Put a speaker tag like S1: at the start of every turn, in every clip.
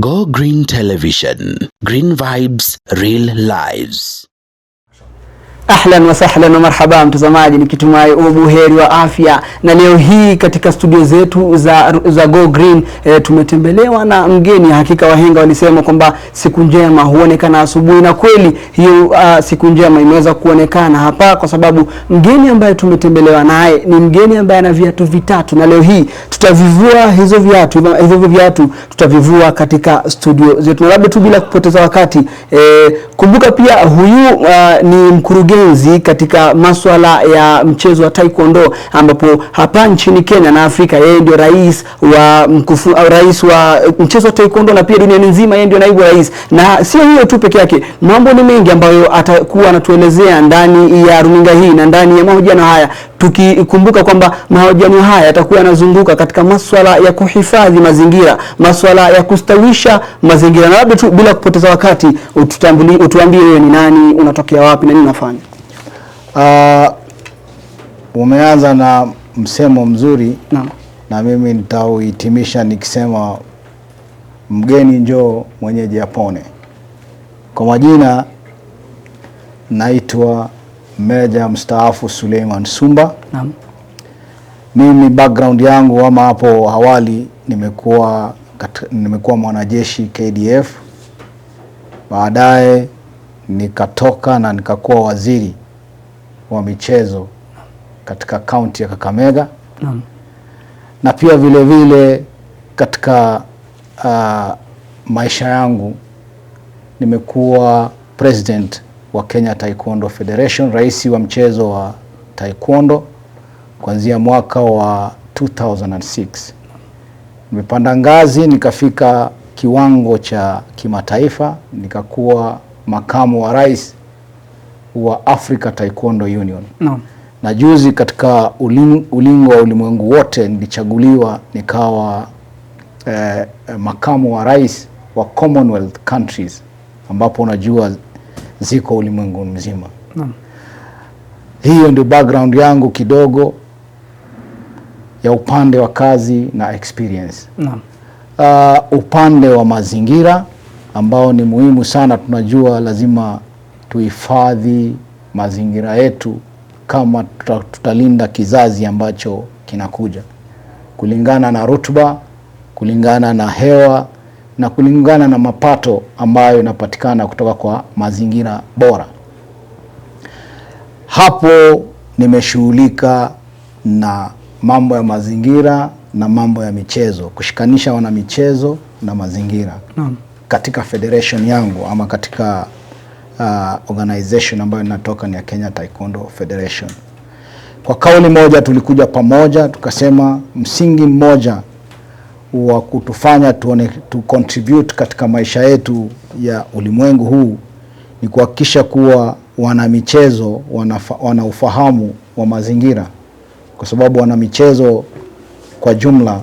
S1: Go Green Television. Green Vibes, Real Lives.
S2: Ahlan wa sahlan wa marhaba, mtazamaji, nikitumai ubuheri wa afya. Na leo hii katika studio zetu za, za Go Green e, tumetembelewa na mgeni. Hakika wahenga walisema kwamba siku njema huonekana asubuhi, na kweli hiyo uh, siku njema imeweza kuonekana hapa, kwa sababu mgeni ambaye tumetembelewa naye ni mgeni ambaye ana viatu vitatu, na leo hii tutavivua hizo viatu, hivyo viatu tutavivua katika studio zetu, labda tu bila kupoteza wakati e, kumbuka pia huyu uh, ni mkurugenzi ugenzi katika masuala ya mchezo wa taekwondo, ambapo hapa nchini Kenya na Afrika yeye ndio rais wa mkufu, rais wa mchezo wa taekwondo na pia duniani nzima yeye ndio naibu rais. Na sio hiyo tu peke yake, mambo ni mengi ambayo atakuwa anatuelezea ndani ya runinga hii na ndani ya mahojiano haya tukikumbuka kwamba mahojiano haya yatakuwa yanazunguka katika maswala ya kuhifadhi mazingira, maswala ya kustawisha mazingira. Na labda tu bila kupoteza wakati, utuambie wewe ni nani, unatokea wapi na nini unafanya?
S3: Uh, umeanza na msemo mzuri na, na mimi nitauhitimisha nikisema mgeni njoo mwenyeji apone. Kwa majina naitwa Meja mstaafu Suleiman Sumba. Naam. Mimi background yangu ama hapo awali nimekuwa nimekuwa mwanajeshi KDF, baadaye nikatoka na nikakuwa waziri wa michezo katika kaunti ya Kakamega. Naam. Na pia vile vile katika uh, maisha yangu nimekuwa president wa Kenya Taekwondo Federation, rais wa mchezo wa taekwondo kuanzia mwaka wa 2006. Nimepanda ngazi nikafika kiwango cha kimataifa, nikakuwa makamu wa rais wa Africa Taekwondo Union no. Na juzi katika uling, ulingo wa ulimwengu wote nilichaguliwa nikawa eh, makamu wa rais wa Commonwealth countries ambapo unajua ziko ulimwengu mzima Naam. Hiyo ndio background yangu kidogo ya upande wa kazi na experience Naam. Uh, upande wa mazingira ambao ni muhimu sana, tunajua lazima tuhifadhi mazingira yetu kama tutalinda kizazi ambacho kinakuja, kulingana na rutuba, kulingana na hewa na kulingana na mapato ambayo yanapatikana kutoka kwa mazingira bora. Hapo nimeshughulika na mambo ya mazingira na mambo ya michezo, kushikanisha wanamichezo na mazingira Naam. katika federation yangu ama katika uh, organization ambayo inatoka ni ya Kenya Taekwondo Federation. Kwa kauli moja tulikuja pamoja tukasema msingi mmoja wa kutufanya tuone, tu contribute katika maisha yetu ya ulimwengu huu ni kuhakikisha kuwa wanamichezo wana ufahamu wa mazingira, kwa sababu wana michezo kwa jumla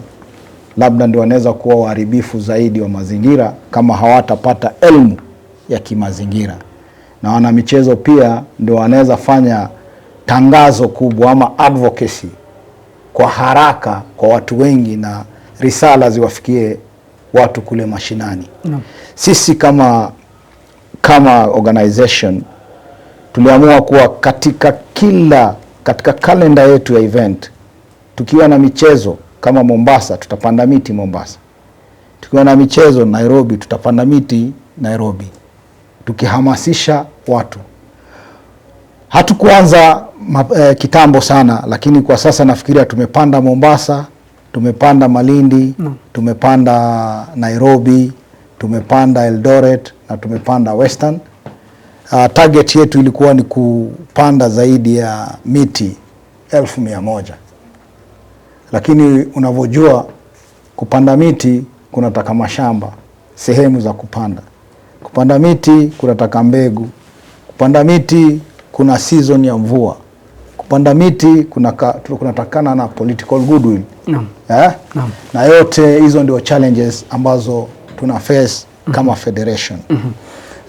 S3: labda ndio wanaweza kuwa waharibifu zaidi wa mazingira kama hawatapata elimu ya kimazingira, na wanamichezo pia ndio wanaweza fanya tangazo kubwa ama advocacy kwa haraka kwa watu wengi na risala ziwafikie watu kule mashinani no. Sisi kama, kama organization tuliamua kuwa katika kila katika kalenda yetu ya event, tukiwa na michezo kama Mombasa tutapanda miti Mombasa, tukiwa na michezo Nairobi tutapanda miti Nairobi, tukihamasisha watu. Hatukuanza eh, kitambo sana, lakini kwa sasa nafikiria tumepanda Mombasa tumepanda Malindi no. tumepanda Nairobi, tumepanda Eldoret na tumepanda Western. Uh, target yetu ilikuwa ni kupanda zaidi ya miti elfu mia moja lakini unavyojua kupanda miti kunataka mashamba, sehemu za kupanda. Kupanda miti kunataka mbegu. Kupanda miti kuna season ya mvua kupanda miti kunatakana na political goodwill Naam. Eh? Naam. Na yote hizo ndio challenges ambazo tuna face mm -hmm. kama mhm. federation mm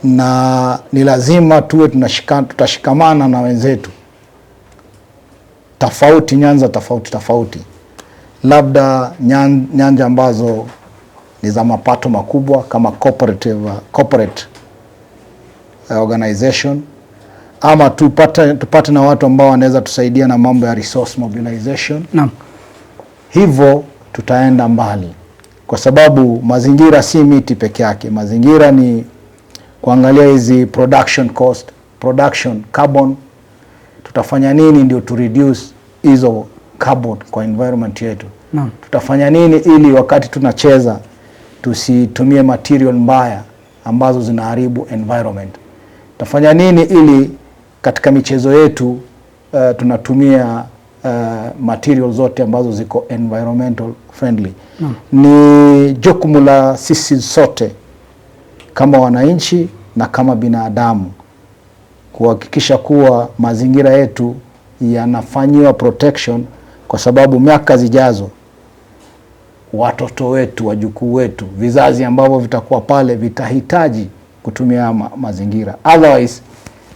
S3: -hmm. na ni lazima tuwe tunashika, tutashikamana na wenzetu tofauti nyanza tofauti tofauti, labda nyan, nyanja ambazo ni za mapato makubwa kama cooperative, corporate eh, organization ama tupate, tupate na watu ambao wanaweza tusaidia na mambo ya resource mobilization. Naam. Hivyo tutaenda mbali kwa sababu mazingira si miti peke yake. Mazingira ni kuangalia hizi production cost, production carbon. Tutafanya nini ndio tu reduce hizo carbon kwa environment yetu? Naam. Tutafanya nini ili wakati tunacheza tusitumie material mbaya ambazo zinaharibu environment? Tutafanya nini ili katika michezo yetu uh, tunatumia uh, material zote ambazo ziko environmental friendly mm. Ni jukumu la sisi sote kama wananchi na kama binadamu kuhakikisha kuwa mazingira yetu yanafanyiwa protection, kwa sababu miaka zijazo watoto wetu, wajukuu wetu, vizazi ambavyo vitakuwa pale vitahitaji kutumia ma mazingira otherwise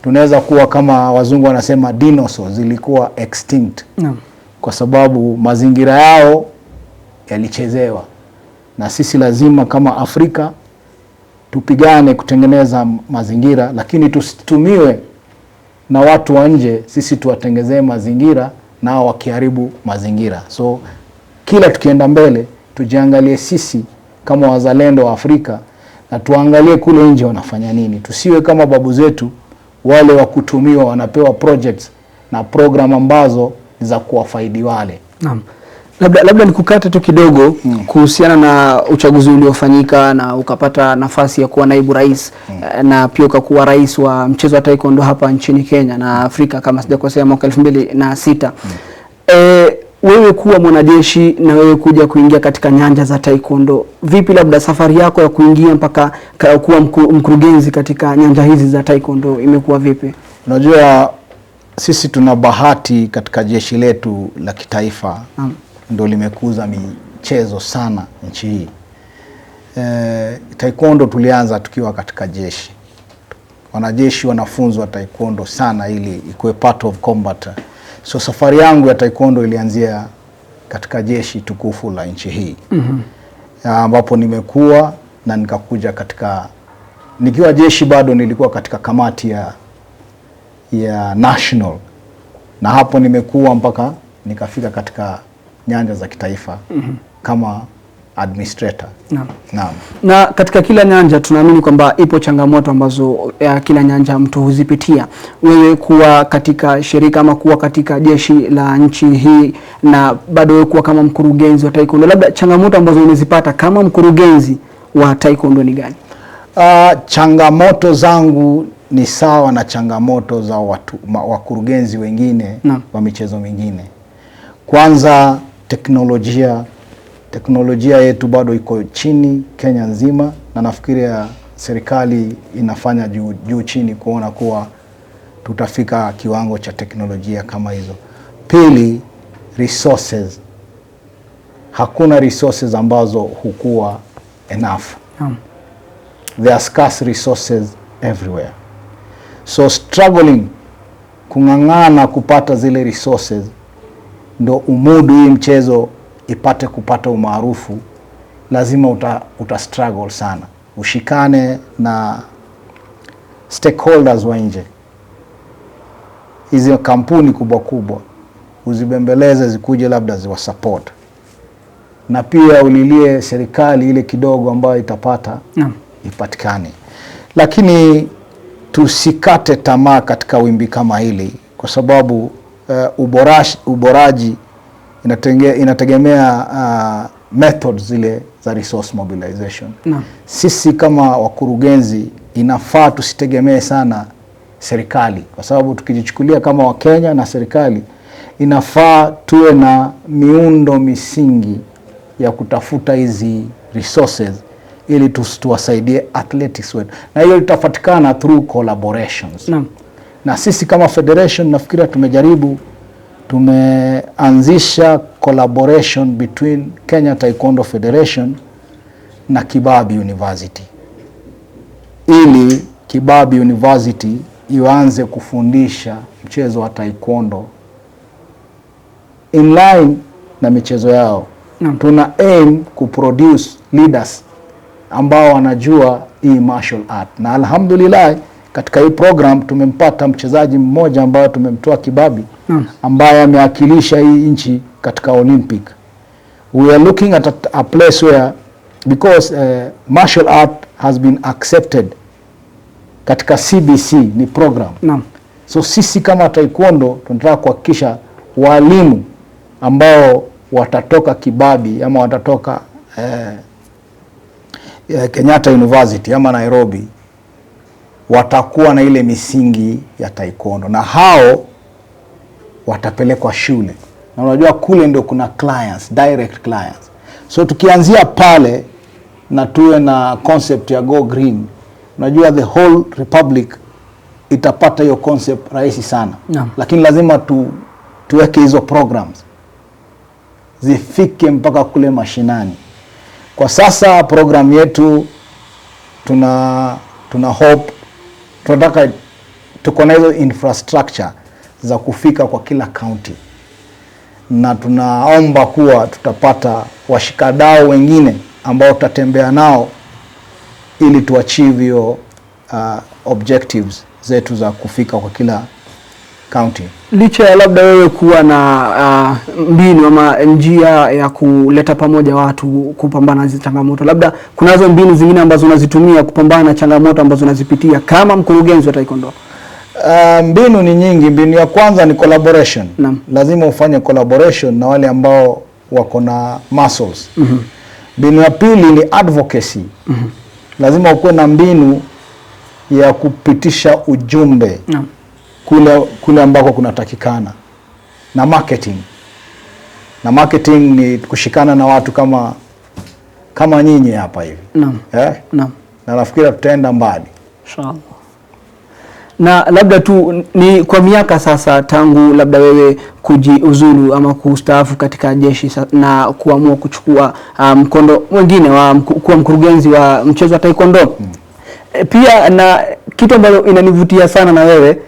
S3: tunaweza kuwa kama wazungu wanasema dinosaur zilikuwa extinct no. kwa sababu mazingira yao yalichezewa, na sisi lazima kama Afrika tupigane kutengeneza mazingira, lakini tusitumiwe na watu wa nje, sisi tuwatengezee mazingira nao wakiharibu mazingira. So kila tukienda mbele tujiangalie sisi kama wazalendo wa Afrika na tuangalie kule nje wanafanya nini, tusiwe kama babu zetu wale wa kutumiwa wanapewa projects na program ambazo ni za kuwafaidi wale. Naam.
S2: Labda, labda nikukate tu kidogo hmm. kuhusiana na uchaguzi uliofanyika na ukapata nafasi ya kuwa naibu rais hmm. Eh, na pia ukakuwa rais wa mchezo wa taekwondo hapa nchini Kenya na Afrika kama sijakosea, mwaka elfu mbili na sita mm. e, wewe kuwa mwanajeshi na wewe kuja kuingia katika nyanja za taekwondo, vipi labda safari yako ya kuingia mpaka kuwa mkurugenzi katika nyanja hizi za taekwondo imekuwa vipi?
S3: Unajua, sisi tuna bahati katika jeshi letu la kitaifa ndio ndo limekuza michezo sana nchi hii. E, taekwondo tulianza tukiwa katika jeshi, wanajeshi wanafunzwa taekwondo sana ili ikuwe part of combat So safari yangu ya taekwondo ilianzia katika jeshi tukufu la nchi hii mhm. ambapo mm -hmm. nimekuwa na nikakuja katika nikiwa jeshi bado nilikuwa katika kamati ya, ya national na hapo nimekuwa mpaka nikafika katika nyanja za kitaifa mm -hmm. kama administrator. Naam.
S2: Naam. Na katika kila nyanja tunaamini kwamba ipo changamoto ambazo ya eh, kila nyanja mtu huzipitia. Wewe kuwa katika shirika ama kuwa katika jeshi la nchi hii na bado wewe kuwa kama mkurugenzi wa taekwondo, labda changamoto ambazo umezipata kama mkurugenzi wa taekwondo ni gani?
S3: Uh, changamoto zangu ni sawa na changamoto za watu, ma, wakurugenzi wengine na wa michezo mingine. Kwanza teknolojia teknolojia yetu bado iko chini Kenya nzima, na nafikiria serikali inafanya juu juu chini kuona kuwa tutafika kiwango cha teknolojia kama hizo. Pili, resources. Hakuna resources ambazo hukuwa enough. Um. There are scarce resources everywhere. So struggling kung'ang'ana kupata zile resources ndo umudu hii mchezo ipate kupata umaarufu, lazima uta, uta struggle sana, ushikane na stakeholders wa nje, hizi kampuni kubwa kubwa uzibembeleze zikuje, labda ziwasupport na pia ulilie serikali ile kidogo ambayo itapata no. ipatikane, lakini tusikate tamaa katika wimbi kama hili, kwa sababu uh, uboraji inategea, inategemea uh, method zile za resource mobilization na. Sisi kama wakurugenzi inafaa tusitegemee sana serikali, kwa sababu tukijichukulia kama Wakenya na serikali, inafaa tuwe na miundo misingi ya kutafuta hizi resources ili tuwasaidie athletics wetu, na hiyo itapatikana through collaborations na. Na sisi kama federation nafikiria tumejaribu tumeanzisha collaboration between Kenya Taekwondo Federation na kibab University ili kibab University ianze kufundisha mchezo wa taekwondo in line na michezo yao no. Tuna aim kuproduce leaders ambao wanajua hii martial art na alhamdulillah katika hii program tumempata mchezaji mmoja ambaye tumemtoa Kibabi hmm. ambaye amewakilisha hii nchi katika Olympic. We are looking at a place where because uh, martial art has been accepted katika CBC ni program. Naam. So sisi kama taekwondo tunataka kuhakikisha walimu ambao watatoka Kibabi ama watatoka eh, eh Kenyatta University ama Nairobi watakuwa na ile misingi ya taekwondo na hao watapelekwa shule, na unajua kule ndio kuna clients, direct clients. So tukianzia pale na tuwe na concept ya go green, unajua the whole republic itapata hiyo concept rahisi sana no. Lakini lazima tu, tuweke hizo programs zifike mpaka kule mashinani. Kwa sasa program yetu tuna, tuna hope tunataka tuko na hizo infrastructure za kufika kwa kila kaunti, na tunaomba kuwa tutapata washikadau wengine ambao tutatembea nao ili tuachieve hiyo uh, objectives zetu za kufika kwa kila kaunti
S2: licha ya labda wewe kuwa na uh, mbinu ama njia ya kuleta pamoja watu kupambana na changamoto, labda kunazo mbinu zingine ambazo unazitumia kupambana na changamoto ambazo unazipitia kama mkurugenzi wa Taekwondo?
S3: Uh, mbinu ni nyingi. Mbinu ya kwanza ni collaboration. Naam. Lazima ufanye collaboration na wale ambao wako na muscles. mm -hmm. Mbinu ya pili ni advocacy. mm -hmm. Lazima ukuwe na mbinu ya kupitisha ujumbe. Naam kule, kule ambako kunatakikana na marketing. Na marketing ni kushikana na watu kama kama nyinyi hapa hivi naam, Eh? Naam. Na nafikiri tutaenda mbali inshallah.
S2: Na labda tu ni kwa miaka sasa tangu labda wewe kujiuzulu ama kustaafu katika jeshi na kuamua kuchukua ah, mkondo um, mwingine wa kuwa mkurugenzi wa mchezo wa taekwondo hmm. Pia na kitu ambalo inanivutia sana na wewe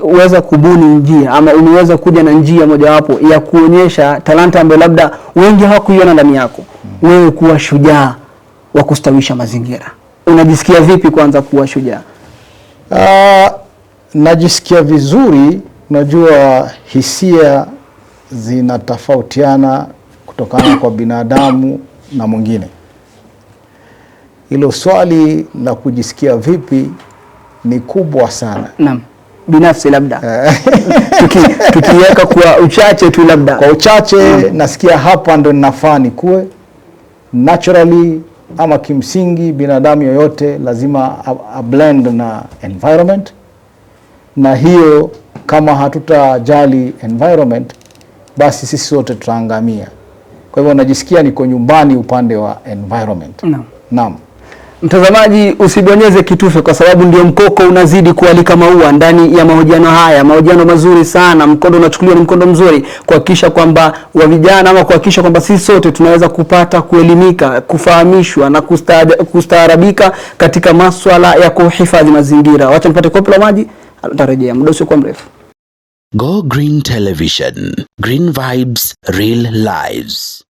S2: umeweza kubuni njia ama umeweza kuja na njia mojawapo ya kuonyesha talanta ambayo labda wengi hawakuiona ndani yako, wewe kuwa shujaa wa kustawisha mazingira. Unajisikia vipi kwanza kuwa shujaa?
S3: Uh, najisikia vizuri. Najua hisia zinatofautiana kutokana kwa binadamu na mwingine. Hilo swali la kujisikia vipi ni kubwa sana.
S2: Naam binafsi labda eh. tukiweka kwa uchache tu labda
S3: kwa uchache mm. Nasikia hapa ndo ninafaa nikuwe naturally ama kimsingi, binadamu yoyote lazima a blend na environment, na hiyo kama hatutajali environment, basi sisi sote tutaangamia. Kwa hivyo najisikia niko nyumbani upande wa environment. Naam. Naam.
S2: Mtazamaji usibonyeze kitufe kwa sababu ndio mkoko unazidi kualika maua ndani ya mahojiano haya, mahojiano mazuri sana. Mkondo unachukuliwa ni mkondo mzuri kuhakikisha kwamba wa vijana ama kuhakikisha kwamba sisi sote tunaweza kupata kuelimika, kufahamishwa na kustaarabika katika maswala ya kuhifadhi mazingira. Wacha nipate kopo la maji, atarejea muda usiokuwa mrefu.
S1: Go Green Television, Green Vibes, Real Lives.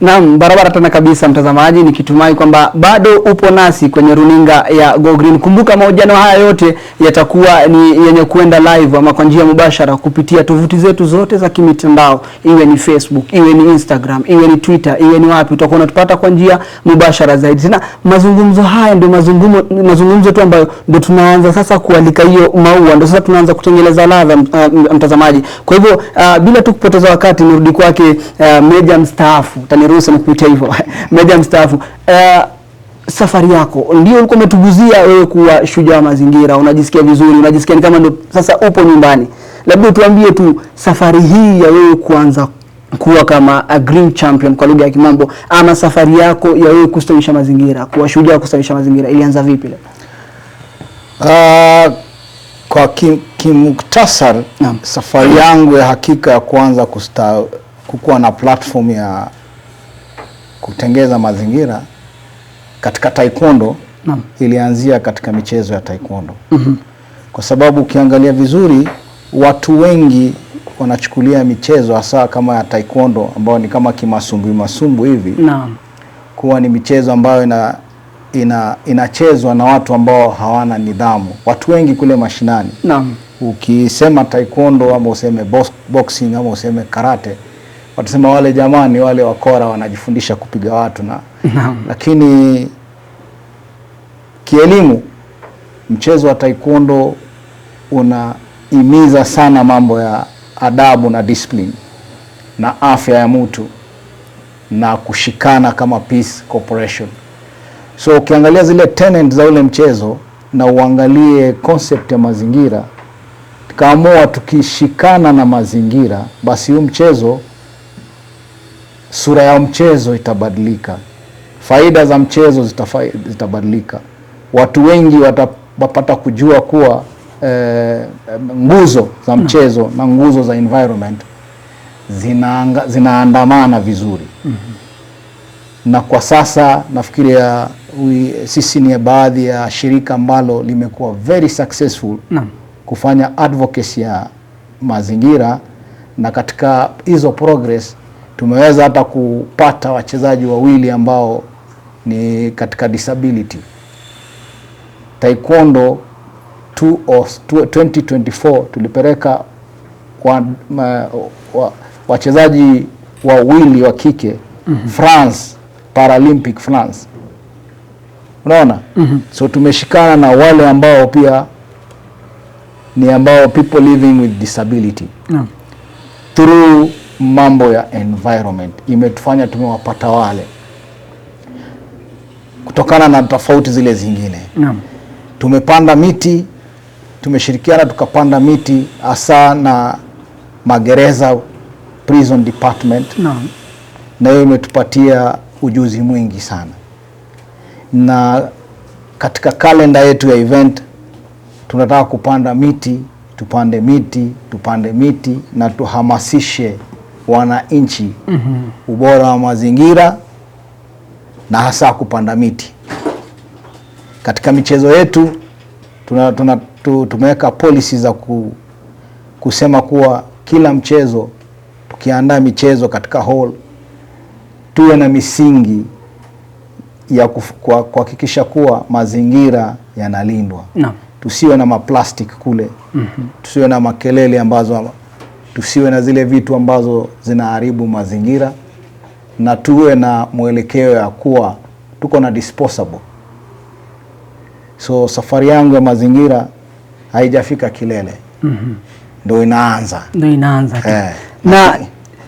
S2: Naam, barabara tena kabisa mtazamaji, nikitumai kwamba bado upo nasi kwenye runinga ya Go Green. Kumbuka mahojiano haya yote yatakuwa ni yenye kuenda live ama kwa njia mubashara kupitia tovuti zetu zote za kimitandao, iwe ni Facebook, iwe ni Instagram, iwe ni Twitter, iwe ni wapi, utakuwa unatupata kwa njia mubashara zaidi. Tena mazungumzo haya ndio mazungumzo mazungumzo tu ambayo ndio tunaanza sasa kualika hiyo maua, ndio sasa tunaanza kutengeleza ladha eh, mtazamaji. Kwa hivyo uh, bila tu kupoteza wakati nirudi kwake uh, meja mstaafu ruhusa kupitia hivyo meja mstaafu. Uh, safari yako ndio ulikuwa umetuguzia wewe kuwa shujaa wa mazingira, unajisikia vizuri, unajisikia ni kama ndo sasa upo nyumbani. Labda tuambie tu safari hii ya wewe kuanza kuwa kama a green champion kwa lugha ya Kimambo, ama safari yako ya wewe kustawisha mazingira, kuwa shujaa wa kustawisha mazingira ilianza vipi? Leo
S3: uh, kwa kimuktasar kim safari yangu ya hakika ya kuanza kusta, kukuwa na platform ya kutengeza mazingira katika taekwondo ilianzia katika michezo ya taekwondo mm -hmm. kwa sababu ukiangalia vizuri watu wengi wanachukulia michezo hasa kama ya taekwondo ambayo ni kama kimasumbwi masumbu hivi no. kuwa ni michezo ambayo ina ina inachezwa na watu ambao hawana nidhamu. Watu wengi kule mashinani no. ukisema taekwondo ama useme boxing ama useme karate watasema wale jamani, wale wakora wanajifundisha kupiga watu na Lakini kielimu mchezo wa taekwondo unahimiza sana mambo ya adabu na discipline na afya ya mtu na kushikana kama peace corporation. So ukiangalia zile tenant za ule mchezo na uangalie concept ya mazingira, tukaamua tukishikana na mazingira, basi huu mchezo sura ya mchezo itabadilika, faida za mchezo zitabadilika, watu wengi watapata kujua kuwa eh, nguzo za hmm. mchezo na nguzo za environment zinaanga, zinaandamana vizuri mm -hmm. na kwa sasa ui, sisi ni baadhi ya shirika ambalo limekuwa very successful na kufanya advocacy ya mazingira na katika hizo progress tumeweza hata kupata wachezaji wawili ambao ni katika disability taekwondo 2024 tulipeleka wachezaji wa, wawili wa kike mm -hmm. France Paralympic France, unaona mm -hmm. So tumeshikana na wale ambao pia ni ambao people living with disability mm. through mambo ya environment imetufanya tumewapata wale kutokana na tofauti zile zingine Naam. Tumepanda miti, tumeshirikiana tukapanda miti hasa na magereza prison department Naam. Na hiyo imetupatia ujuzi mwingi sana, na katika kalenda yetu ya event tunataka kupanda miti, tupande miti, tupande miti na tuhamasishe wananchi mm -hmm. ubora wa mazingira na hasa kupanda miti. Katika michezo yetu tuna, tuna, tu, tumeweka policy za ku, kusema kuwa kila mchezo tukiandaa michezo katika hall tuwe na misingi ya kuhakikisha kuwa mazingira yanalindwa no. Tusiwe na maplastic kule mm -hmm. Tusiwe na makelele ambazo tusiwe na zile vitu ambazo zinaharibu mazingira na tuwe na mwelekeo ya kuwa tuko na disposable. So safari yangu ya mazingira haijafika kilele, mhm. ndo mm -hmm. Inaanza,
S2: ndio inaanza eh, na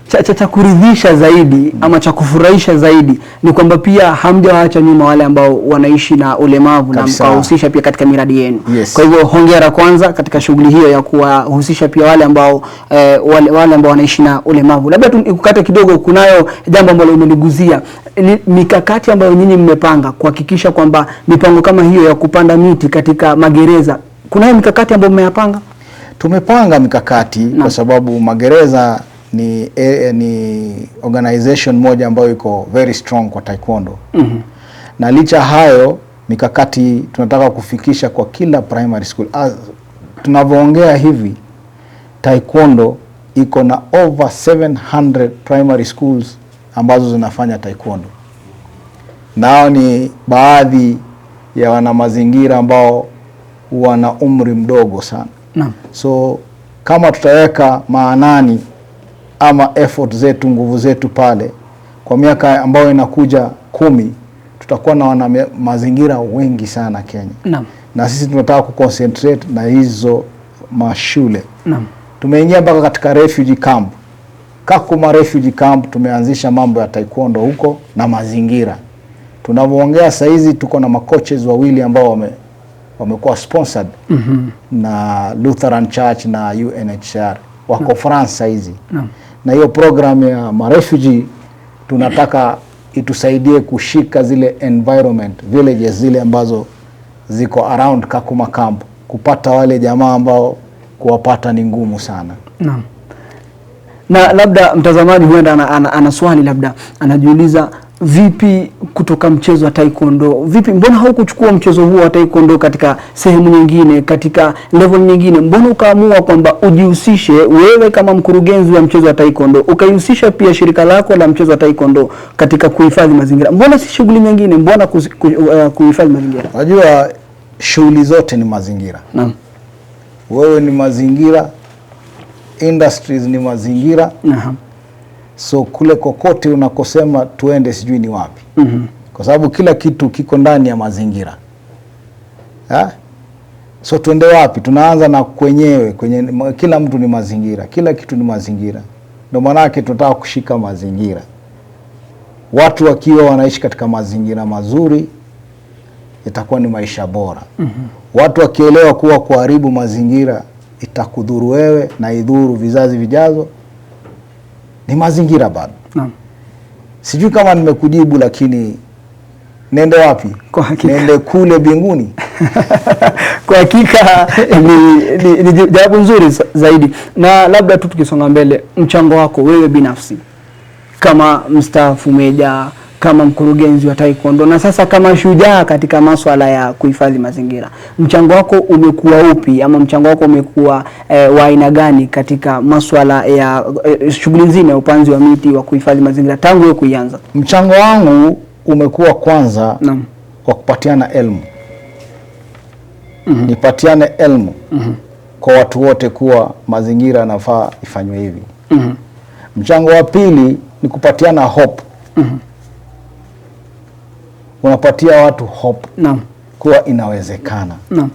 S2: cha, cha, cha kuridhisha zaidi ama cha kufurahisha zaidi ni kwamba pia hamjawaacha nyuma wale ambao wanaishi na ulemavu na mkawahusisha pia katika miradi yenu. Yes. Kwa hivyo hongera kwanza katika shughuli hiyo ya kuwahusisha pia wale ambao eh, wale, wale ambao wanaishi na ulemavu. Labda tu nikukate kidogo, kunayo jambo ambalo ni mikakati ambayo nyinyi mmepanga kuhakikisha kwamba mipango kama hiyo ya kupanda miti katika magereza, kunayo mikakati ambayo mmeyapanga?
S3: Tumepanga mikakati na, kwa sababu magereza ni, eh, eh, ni organization moja ambayo iko very strong kwa taekwondo mm -hmm. na licha hayo mikakati tunataka kufikisha kwa kila primary school. Tunavyoongea hivi taekwondo iko na over 700 primary schools ambazo zinafanya taekwondo, nao ni baadhi ya wana mazingira ambao wana umri mdogo sana no. So kama tutaweka maanani ama effort zetu, nguvu zetu pale, kwa miaka ambayo inakuja kumi, tutakuwa na wana mazingira wengi sana Kenya. Naam. Na sisi tunataka kuconcentrate na hizo mashule. Naam. Tumeingia mpaka katika refugee camp. Kakuma refugee camp tumeanzisha mambo ya taekwondo huko na mazingira. Tunavyoongea saa hizi tuko na makoches wawili ambao wame wamekuwa sponsored mm -hmm. na Lutheran Church na UNHCR wako no. France hizi no na hiyo program ya marefugee tunataka itusaidie kushika zile environment villages zile ambazo ziko around Kakuma camp, kupata wale jamaa ambao kuwapata ni ngumu sana. na.
S2: na labda mtazamaji huenda ana, ana, ana swali labda anajiuliza vipi kutoka mchezo wa taekwondo vipi? Mbona haukuchukua mchezo huo wa taekwondo katika sehemu nyingine, katika level nyingine? Mbona ukaamua kwamba ujihusishe wewe kama mkurugenzi wa mchezo wa taekwondo, ukaihusisha pia shirika lako la mchezo wa taekwondo katika kuhifadhi mazingira? Mbona si shughuli nyingine? Mbona uh, kuhifadhi mazingira?
S3: Unajua shughuli zote ni mazingira. Naam, wewe ni mazingira, industries ni mazingira. Naam so kule kokote unakosema tuende sijui ni wapi mm -hmm. kwa sababu kila kitu kiko ndani ya mazingira ha? so tuende wapi? Tunaanza na kwenyewe kwenye, kila mtu ni mazingira, kila kitu ni mazingira. Ndio maanake tunataka kushika mazingira, watu wakiwa wanaishi katika mazingira mazuri itakuwa ni maisha bora mm -hmm. Watu wakielewa kuwa kuharibu mazingira itakudhuru wewe na idhuru vizazi vijazo ni mazingira bado. Naam. Sijui kama nimekujibu lakini Nende wapi? Kwa hakika. Nende kule binguni.
S2: Kwa hakika ni, ni, ni jawabu nzuri zaidi, na labda tu tukisonga mbele, mchango wako wewe binafsi kama mstaafu meja kama mkurugenzi wa taekwondo na sasa kama shujaa katika maswala ya kuhifadhi mazingira, mchango wako umekuwa upi ama mchango wako umekuwa e, wa aina gani katika maswala ya e, shughuli nzima ya upanzi wa miti wa kuhifadhi mazingira tangu wewe kuianza?
S3: Mchango wangu umekuwa kwanza na, kwa kupatiana elmu mm -hmm. nipatiane elmu mm -hmm. kwa watu wote kuwa mazingira yanafaa ifanywe hivi mm -hmm. mchango wa pili ni kupatiana hope mm -hmm unapatia watu hope naam, kuwa inawezekana naam.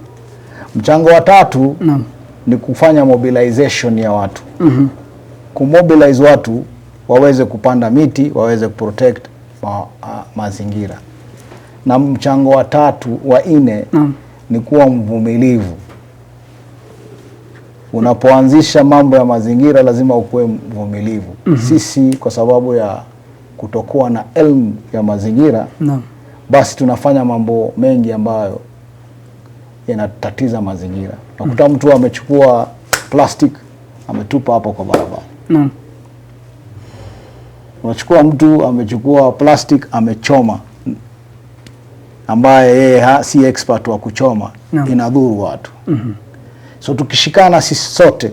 S3: Mchango wa tatu naam, ni kufanya mobilization ya watu mm -hmm. Kumobilize watu waweze kupanda miti, waweze kuprotect ma, a, mazingira. Na mchango wa tatu wa nne ni kuwa mvumilivu. Unapoanzisha mambo ya mazingira lazima ukuwe mvumilivu mm -hmm. Sisi kwa sababu ya kutokuwa na elmu ya mazingira naam basi tunafanya mambo mengi ambayo yanatatiza mazingira. Nakuta mtu amechukua plastic ametupa hapo kwa barabara. Naam. Unachukua mtu amechukua plastic amechoma, ambaye yeye si expert wa kuchoma. Naam. Inadhuru watu. mm -hmm. So tukishikana sisi sote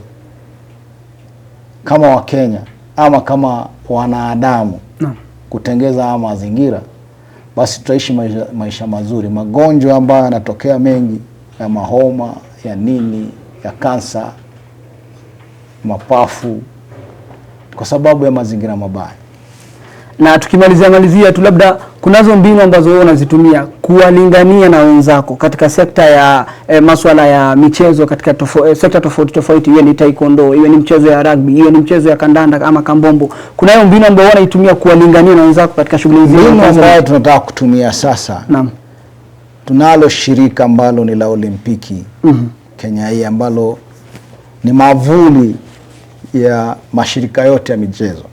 S3: kama Wakenya ama kama wanadamu, Naam. kutengeza mazingira basi tutaishi maisha, maisha mazuri. Magonjwa ambayo yanatokea mengi ya mahoma ya nini ya kansa mapafu kwa sababu ya mazingira mabaya.
S2: Na tukimalizia malizia tu labda kunazo mbinu ambazo wewe unazitumia kuwalingania na wenzako katika sekta ya e, eh, masuala ya michezo katika tofo, e, sekta tofauti tofauti, iwe ni taekwondo, iwe ni mchezo ya rugby, iwe ni mchezo ya kandanda ama kambombo. Kunayo mbinu ambayo wewe unaitumia kuwalingania na wenzako katika shughuli hizi.
S3: Mbinu ambayo tunataka kutumia sasa, naam, tunalo shirika ambalo ni la Olimpiki mm -hmm. Kenya hii ambalo ni mavuli ya mashirika yote ya michezo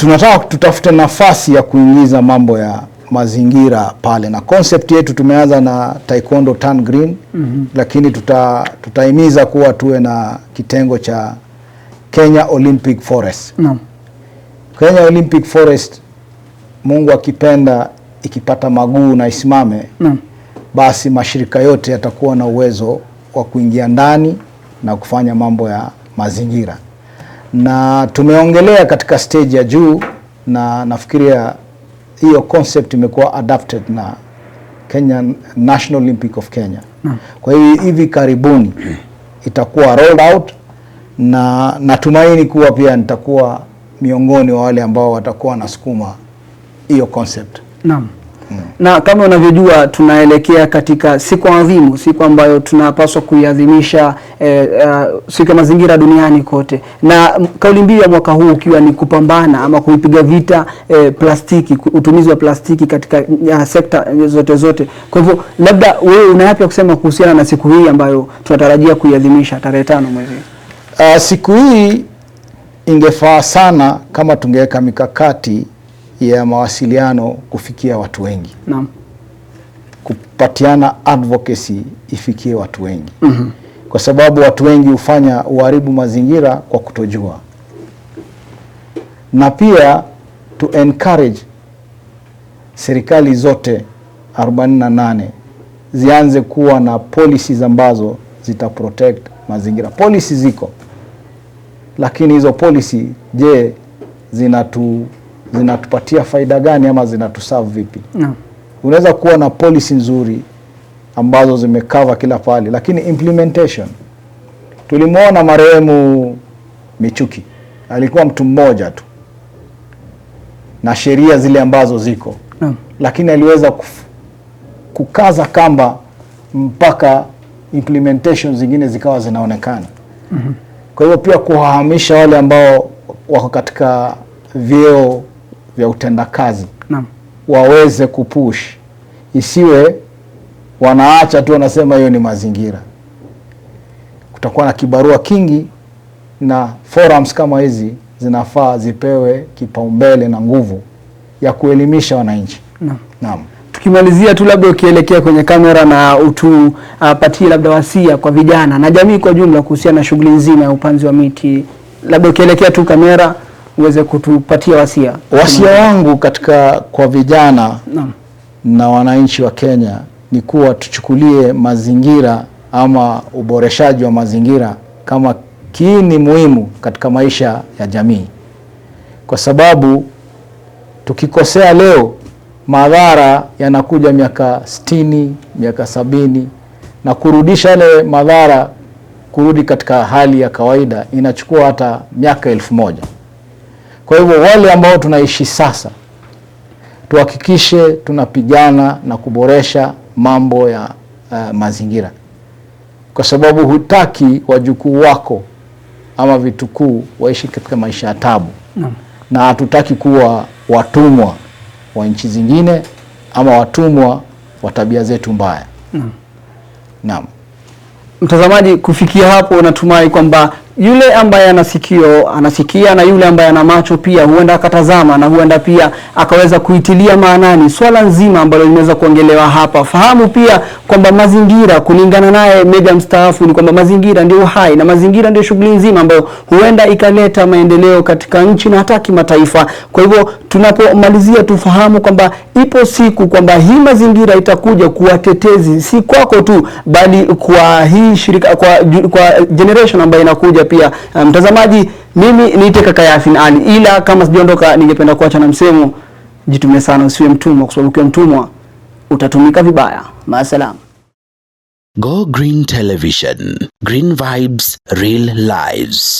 S3: tunataka tutafute nafasi ya kuingiza mambo ya mazingira pale, na concept yetu tumeanza na taekwondo tan green mm -hmm. Lakini tuta, tutahimiza kuwa tuwe na kitengo cha Kenya Olympic Forest no. Kenya Olympic Forest, Mungu akipenda, ikipata maguu na isimame no. Basi mashirika yote yatakuwa na uwezo wa kuingia ndani na kufanya mambo ya mazingira na tumeongelea katika stage ya juu, na nafikiria hiyo concept imekuwa adapted na Kenya National Olympic of Kenya Kwa hiyo hivi karibuni itakuwa rolled out na natumaini kuwa pia nitakuwa miongoni wa wale ambao watakuwa wanasukuma hiyo concept. Naam.
S2: Na kama unavyojua tunaelekea katika siku adhimu, siku ambayo tunapaswa kuiadhimisha eh, uh, siku ya mazingira duniani kote, na kauli mbiu ya mwaka huu ukiwa ni kupambana ama kuipiga vita eh, plastiki, utumizi wa plastiki katika uh, sekta eh, zote zote. Kwa hivyo labda wewe una yapi kusema kuhusiana na siku hii ambayo tunatarajia kuiadhimisha tarehe tano mwezi
S3: uh, siku hii ingefaa sana kama tungeweka mikakati ya mawasiliano kufikia watu wengi. Naam. Kupatiana advocacy ifikie watu wengi. mm -hmm. Kwa sababu watu wengi hufanya uharibu mazingira kwa kutojua, na pia to encourage serikali zote 48 zianze kuwa na policies ambazo zita protect mazingira. Policies ziko, lakini hizo policy je, zinatu zinatupatia faida gani ama zinatusave vipi? No. Unaweza kuwa na policy nzuri ambazo zimekava kila pahali, lakini implementation, tulimwona marehemu Michuki alikuwa mtu mmoja tu na sheria zile ambazo ziko no. Lakini aliweza kukaza kamba mpaka implementation zingine zikawa zinaonekana. mm -hmm. Kwa hivyo pia kuwahamisha wale ambao wako katika vyeo vya utendakazi waweze kupush, isiwe wanaacha tu wanasema hiyo ni mazingira. Kutakuwa na kibarua kingi na forums kama hizi zinafaa zipewe kipaumbele na nguvu ya kuelimisha wananchi. Naam,
S2: naam. Tukimalizia tu labda ukielekea kwenye kamera na utupatie uh, labda wasia kwa vijana na jamii kwa jumla kuhusiana na shughuli nzima ya upanzi wa miti, labda ukielekea tu kamera uweze kutupatia wasia.
S3: Wasia wangu katika kwa vijana na, na wananchi wa Kenya ni kuwa tuchukulie mazingira ama uboreshaji wa mazingira kama kiini muhimu katika maisha ya jamii, kwa sababu tukikosea leo madhara yanakuja miaka sitini, miaka sabini, na kurudisha yale madhara kurudi katika hali ya kawaida inachukua hata miaka elfu moja. Kwa hivyo wale ambao tunaishi sasa, tuhakikishe tunapigana na kuboresha mambo ya uh, mazingira, kwa sababu hutaki wajukuu wako ama vitukuu waishi katika maisha ya tabu Na hatutaki kuwa watumwa wa nchi zingine ama watumwa wa tabia zetu mbaya
S2: Naam mtazamaji, kufikia hapo natumai kwamba yule ambaye ana sikio anasikia na yule ambaye ana macho pia huenda akatazama na huenda pia akaweza kuitilia maanani swala nzima ambalo limeweza kuongelewa hapa. Fahamu pia kwamba mazingira, kulingana naye meja mstaafu, ni kwamba mazingira ndio uhai na mazingira ndio shughuli nzima ambayo huenda ikaleta maendeleo katika nchi na hata kimataifa. Kwa hivyo tunapomalizia, tufahamu kwamba ipo siku kwamba hii mazingira itakuja kuwa tetezi, si kwako tu, bali kwa hii shirika, kwa, kwa generation ambayo inakuja pia uh, mtazamaji, mimi niite kaka Yasin Ali, ila kama sijaondoka, ningependa kuacha na msemo, jitume sana, usiwe mtumwa, kwa sababu ukiwa mtumwa utatumika vibaya. Maasalam. Go Green Television, Green Vibes, Real Lives.